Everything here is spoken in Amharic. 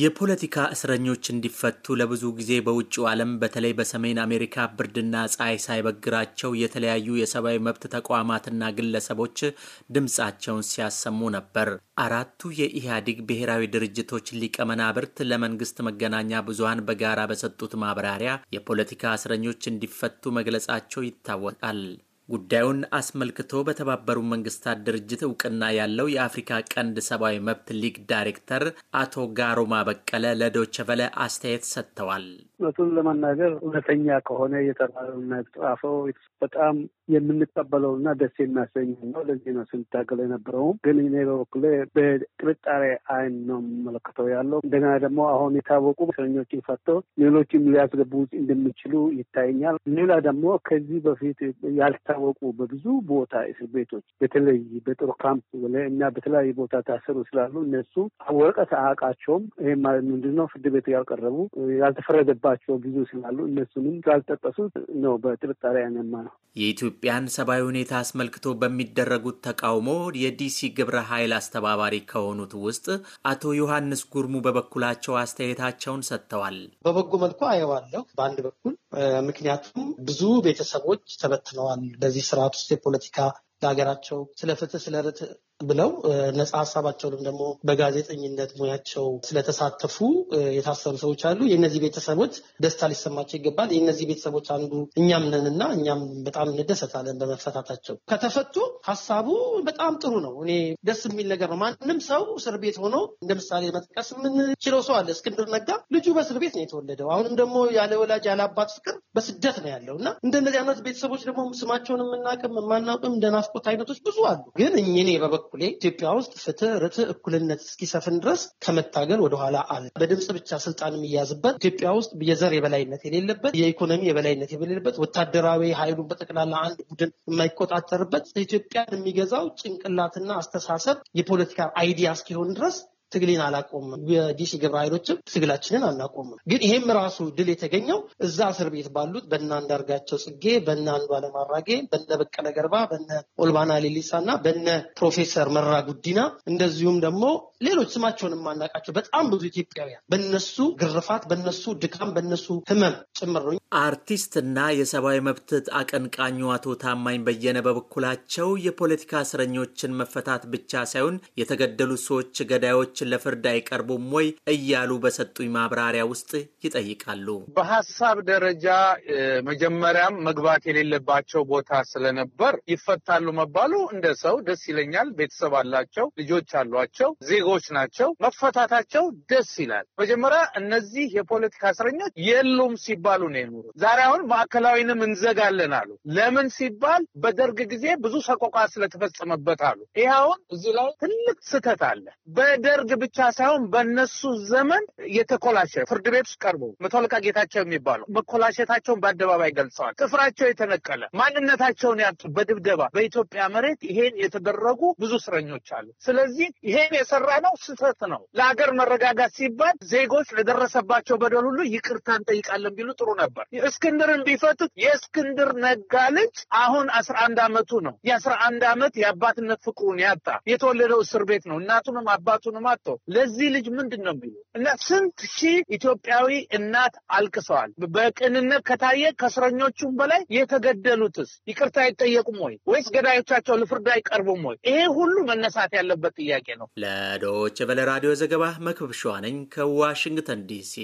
የፖለቲካ እስረኞች እንዲፈቱ ለብዙ ጊዜ በውጭው ዓለም በተለይ በሰሜን አሜሪካ ብርድና ፀሐይ ሳይበግራቸው የተለያዩ የሰብአዊ መብት ተቋማትና ግለሰቦች ድምፃቸውን ሲያሰሙ ነበር። አራቱ የኢህአዴግ ብሔራዊ ድርጅቶች ሊቀመናብርት ለመንግስት መገናኛ ብዙሃን በጋራ በሰጡት ማብራሪያ የፖለቲካ እስረኞች እንዲፈቱ መግለጻቸው ይታወቃል። ጉዳዩን አስመልክቶ በተባበሩ መንግስታት ድርጅት እውቅና ያለው የአፍሪካ ቀንድ ሰብአዊ መብት ሊግ ዳይሬክተር አቶ ጋሮማ በቀለ ለዶቸቨለ አስተያየት ሰጥተዋል። እውነቱን ለመናገር እውነተኛ ከሆነ የተባለውና የተጻፈው በጣም የምንቀበለውና ደስ የሚያሰኝ ነው። ለዚህ ነው ስንታገል የነበረውም። ግን እኔ በበኩሌ በጥርጣሬ አይን ነው የምመለከተው ያለው። እንደገና ደግሞ አሁን የታወቁ እስረኞችን ፈቶ ሌሎችም ሊያስገቡ እንደሚችሉ ይታየኛል። ሌላ ደግሞ ከዚህ በፊት ያልታወቁ በብዙ ቦታ እስር ቤቶች በተለይ በጥሩ ካምፕ እና በተለያዩ ቦታ ታሰሩ ስላሉ እነሱ ወረቀት አያውቃቸውም። ይህ ምንድነው? ፍርድ ቤት ያልቀረቡ ያልተፈረደባ የምናውቃቸው ብዙ ስላሉ እነሱንም ካልጠቀሱት ነው በጥርጣሬ ያነማ ነው። የኢትዮጵያን ሰብአዊ ሁኔታ አስመልክቶ በሚደረጉት ተቃውሞ የዲሲ ግብረ ኃይል አስተባባሪ ከሆኑት ውስጥ አቶ ዮሐንስ ጉርሙ በበኩላቸው አስተያየታቸውን ሰጥተዋል። በበጎ መልኩ አየዋለሁ በአንድ በኩል ምክንያቱም ብዙ ቤተሰቦች ተበትነዋል በዚህ ስርዓት ውስጥ የፖለቲካ ለሀገራቸው ስለ ፍትህ ስለ ብለው ነጻ ሀሳባቸውንም ደግሞ በጋዜጠኝነት ሙያቸው ስለተሳተፉ የታሰሩ ሰዎች አሉ። የእነዚህ ቤተሰቦች ደስታ ሊሰማቸው ይገባል። የእነዚህ ቤተሰቦች አንዱ እኛም እና እኛም በጣም እንደሰታለን በመፈታታቸው። ከተፈቱ ሀሳቡ በጣም ጥሩ ነው። እኔ ደስ የሚል ነገር ነው። ማንም ሰው እስር ቤት ሆኖ እንደ ምሳሌ መጥቀስ የምንችለው ሰው አለ። እስክንድር ነጋ ልጁ በእስር ቤት ነው የተወለደው። አሁንም ደግሞ ያለ ወላጅ ያለ አባት ፍቅር በስደት ነው ያለው እና እንደነዚህ አይነት ቤተሰቦች ደግሞ ስማቸውን የምናቅም የማናውቅም እንደናፍቆት አይነቶች ብዙ አሉ። ግን እኔ በበኩ በበኩሌ ኢትዮጵያ ውስጥ ፍትህ፣ ርትዕ፣ እኩልነት እስኪሰፍን ድረስ ከመታገል ወደኋላ አለ። በድምፅ ብቻ ስልጣን የሚያዝበት ኢትዮጵያ ውስጥ የዘር የበላይነት የሌለበት የኢኮኖሚ የበላይነት የሌለበት ወታደራዊ ኃይሉን በጠቅላላ አንድ ቡድን የማይቆጣጠርበት ኢትዮጵያን የሚገዛው ጭንቅላትና አስተሳሰብ የፖለቲካ አይዲያ እስኪሆን ድረስ ትግሌን አላቆምም፣ የዲሲ ግብረ ኃይሎችም ትግላችንን አናቆምም። ግን ይሄም ራሱ ድል የተገኘው እዛ እስር ቤት ባሉት በነ አንዳርጋቸው ጽጌ፣ በነ አንዱ አራጌ፣ በነ በቀለ ገርባ፣ በነ ኦልባና ሌሊሳ እና በነ ፕሮፌሰር መራ ጉዲና እንደዚሁም ደግሞ ሌሎች ስማቸውን የማናውቃቸው በጣም ብዙ ኢትዮጵያውያን በነሱ ግርፋት፣ በነሱ ድካም፣ በነሱ ህመም ጭምር ነው። አርቲስትና የሰብአዊ መብት አቀንቃኙ አቶ ታማኝ በየነ በበኩላቸው የፖለቲካ እስረኞችን መፈታት ብቻ ሳይሆን የተገደሉ ሰዎች ገዳዮች ለፍርድ አይቀርቡም ወይ እያሉ በሰጡኝ ማብራሪያ ውስጥ ይጠይቃሉ። በሀሳብ ደረጃ መጀመሪያም መግባት የሌለባቸው ቦታ ስለነበር ይፈታሉ መባሉ እንደ ሰው ደስ ይለኛል። ቤተሰብ አላቸው፣ ልጆች አሏቸው፣ ዜጎ ሰዎች ናቸው። መፈታታቸው ደስ ይላል። መጀመሪያ እነዚህ የፖለቲካ እስረኞች የሉም ሲባሉ ነው የኖሩት። ዛሬ አሁን ማዕከላዊንም እንዘጋለን አሉ። ለምን ሲባል በደርግ ጊዜ ብዙ ሰቆቃ ስለተፈጸመበት አሉ። ይህ አሁን እዚህ ላይ ትልቅ ስህተት አለ። በደርግ ብቻ ሳይሆን በእነሱ ዘመን የተኮላሸ ፍርድ ቤት ውስጥ ቀርቦ መቶ አለቃ ጌታቸው የሚባሉ መኮላሸታቸውን በአደባባይ ገልጸዋል። ጥፍራቸው የተነቀለ ማንነታቸውን ያጡ በድብደባ በኢትዮጵያ መሬት ይሄን የተደረጉ ብዙ እስረኞች አሉ። ስለዚህ ይሄን የሰራ ነው ስህተት ነው። ለሀገር መረጋጋት ሲባል ዜጎች ለደረሰባቸው በደል ሁሉ ይቅርታ እንጠይቃለን ቢሉ ጥሩ ነበር። እስክንድርን ቢፈቱት የእስክንድር ነጋ ልጅ አሁን አስራ አንድ አመቱ ነው። የአስራ አንድ አመት የአባትነት ፍቅሩን ያጣ የተወለደው እስር ቤት ነው። እናቱንም አባቱንም አጥቶ ለዚህ ልጅ ምንድን ነው የሚሉ እና ስንት ሺህ ኢትዮጵያዊ እናት አልቅሰዋል። በቅንነት ከታየ ከእስረኞቹም በላይ የተገደሉትስ ይቅርታ አይጠየቁም ወይ? ወይስ ገዳዮቻቸው ለፍርድ አይቀርቡም ወይ? ይሄ ሁሉ መነሳት ያለበት ጥያቄ ነው። ዶች ቨለ ራዲዮ ዘገባ መክብብ ሸዋነኝ ከዋሽንግተን ዲሲ